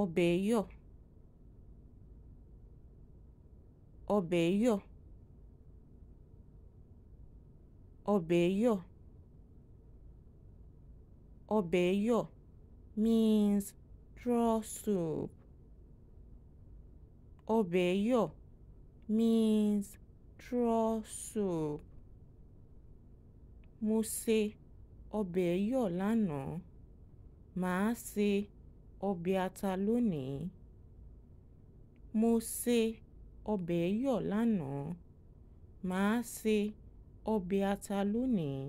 ọbẹ̀ yọ̀ ọbẹ̀ yọ̀ ọbẹ̀ yọ̀ ọbẹ̀ yọ̀ means draw soup ọbẹ̀ yọ̀ means draw soup mo se ọbẹ̀ yọ̀ lánàá màá se ọbẹ̀ ata lónìí. Mo se ọbẹ̀ ẹ̀yọ̀ lánàá, màá se ọbẹ̀ ata lónìí.